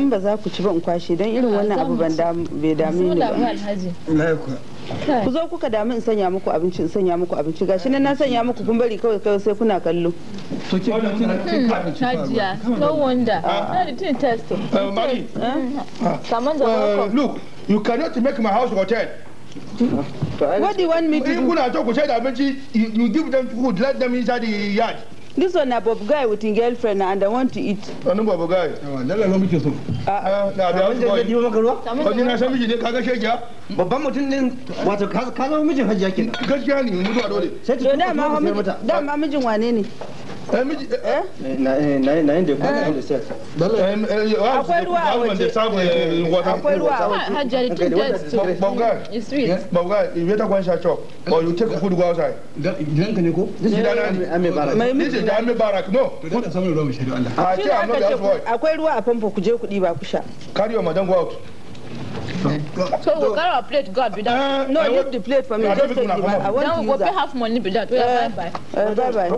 in ba za ku ci ban kwashe don irin wannan abu ban bai dame ni ba ku zo kuka dami in sanya muku abinci in sanya muku abinci gashi nan na sanya muku kun bari kawai kawai sai kuna kallo to ke kana kin hajiya no wonder na da tin test mari kaman da look you cannot make my house hotel what do you want me to do? kuna so ku sai da abinci, you give them food, let them inside the yard. This one a Bob guy with a girlfriend and I want to eat. Wani oh, Bob guy? Dala lo muke so. A'a. Da abin da zai maka ruwa? Wani na san miji ne kaga shekiya? Babban mutum din wato ka zama mijin hajiya kenan. Gaskiya ne mutuwa dole. Sai ta dama mijin wane ne? It's sweet. But guys, you better go out. So we carry our plate, God, without. Uh, eh, no, leave the plate for me. Just take the man. I want to Then we go pay half money be that. bye bye. Bye bye.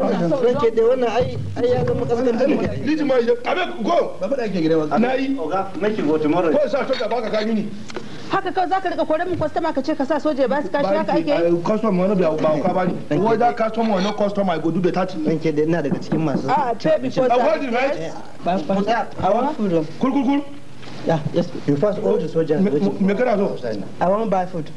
Rake the one I I am going to ask them. mai my kabe go. Baba da yake gida wannan. Na yi. Oga, make you go tomorrow. Ko start talking about the gini. Haka kawai zaka rika kore min customer ka ce ka sa soja ba su kashi haka ake yi. Eh, customer wani ba ba ka bani. Wai da customer wani customer I go do better thing. Ranke da ina daga cikin masu. Ah, pay because. I want the right. Ba ba. I want freedom. Kul kul Yeah, yes. You first all the soldiers waiting. Me kana so? I won't buy food.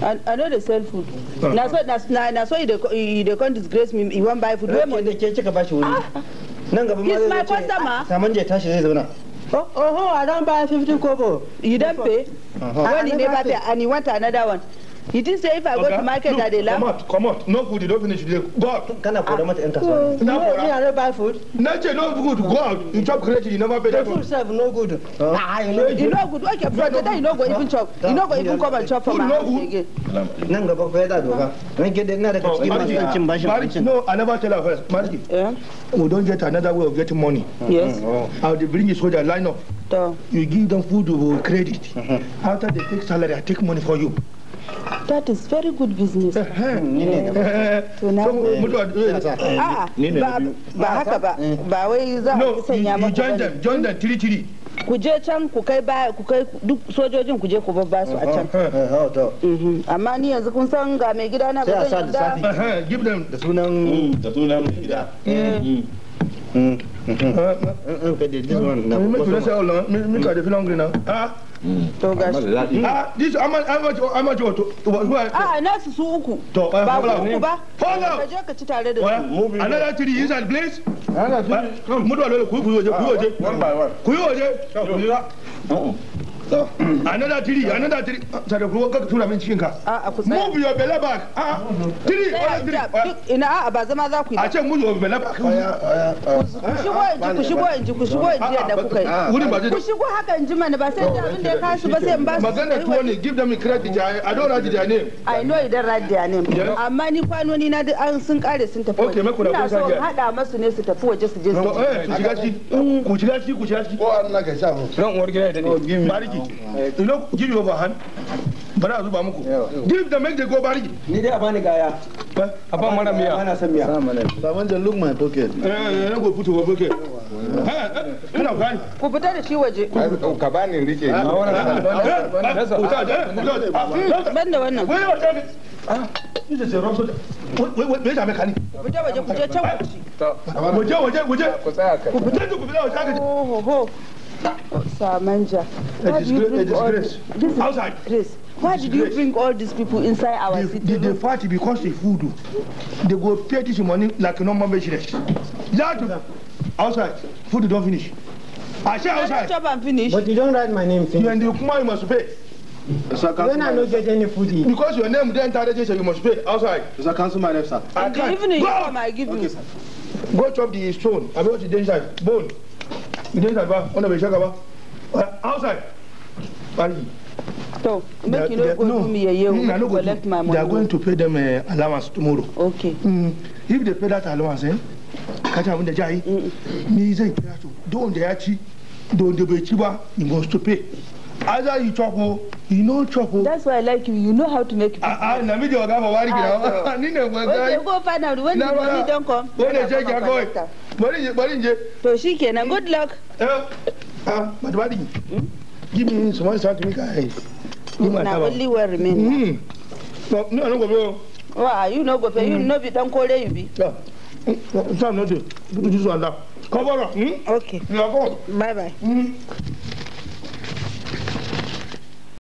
I, I know they sell food. That's why that's na that's why you they can't disgrace me. You won't buy food. Where eh, money? Check check about you. Nan gaba He's my customer. Ah, saman je tashi zai zauna. Oh, oh, oh I don't buy 50 kobo. You don't pay? Uh -huh. When he never pay and you want another one. He didn't say if I okay. go to market Look, that they laugh. Come out, come out. No food, you don't finish. Go out. Can I for them to enter? No, me, I don't buy food. Nature, no food. Go out. You chop credit, you never pay the food. food serve, no good. Huh? Nah, you know, you know good. Okay, bro, that you know go even chop. You know go even come and chop for my No good. Oh, no, I never tell her first. Marriage. Yeah. We don't get another way of getting money. Yes. I'll mm, oh. bring you soldier line up. You give them food credit. Mm-hmm. After they take salary, I take money for you. That is very good business. ba can duk sojojin ku ku babba su a can amma ni yanzu kun san ga mai gida na ba give them da sunan da sunan gida to ga shi a disu amma ah, wato a ah, na su uku to ba ku eh, uku ba ka je ka ci tare da su another three another three mu dole ku ku ku ah, one by one ku ku A another three, another three. Sada ah, kuwa ka tura min cikin ka. Move your belly back. Ah, ah. Three, three. ina a ba zama za ku yi. A ce move your belly back. Ku shigo inji, ku shigo inji, ku shigo inji yadda kuka yi. Wurin ba Ku shigo haka inji mana ba sai da abin da ya oh, ba sai in ba su. Magana tuwo ne, give them credit. I don't write their name. I know idan write their name. Amma ni kwanoni na an sun kare sun tafi. Okay, make ku da kusa. Ina hada masu ne su tafi waje su je su. Eh, ku shiga shi, mm. ku shiga shi, ku shiga shi. Ko an na sha mu. Ran uwar gida da ne. Oh, ciki a zuba muku bani gaya a mara miya ana san miya look my pocket eh na eh, eh, go put pocket eh, ku fita da shi waje ka ah, waje ah ni da wai wai me waje waje waje ku je ku tsaya waje Sir Manager, A disgrace. A disgrace. This is Outside. Please. Why did you bring all these people inside our the, city? They, they fight because they food. They go pay this money like normal business. That outside. Food don't finish. I say outside. Stop and finish. But you don't write my name. Finish. You and the Kuma, you must pay. Sir, when I don't get any food here. Because your name then enter register, you must pay outside. Sir, cancel my name, sir. I can't. Even if you come, I give okay, you. Sir. Go chop the stone. I brought to danger Bone. Outside. Bali. So, make you know go no, me a year mm, oh, no, my They are going to pay them uh, allowance tomorrow. Okay. Mm, if they pay that allowance, eh? Kacha abin da jayi, ni zan kira su, don da ya ci, don da bai ci you must to pay. Either you chop you know trouble? That's why I like you. You know how to make. Ah, ah, na me dey wari go. find out when the come. When the check are going. bari je bari je to shikenan good luck eh ah madwadi give me some money start to make i na only one remain mm no no go go wa you no go pay you no be dan kore you be yeah no no do this one da cover up hmm okay bye bye mm.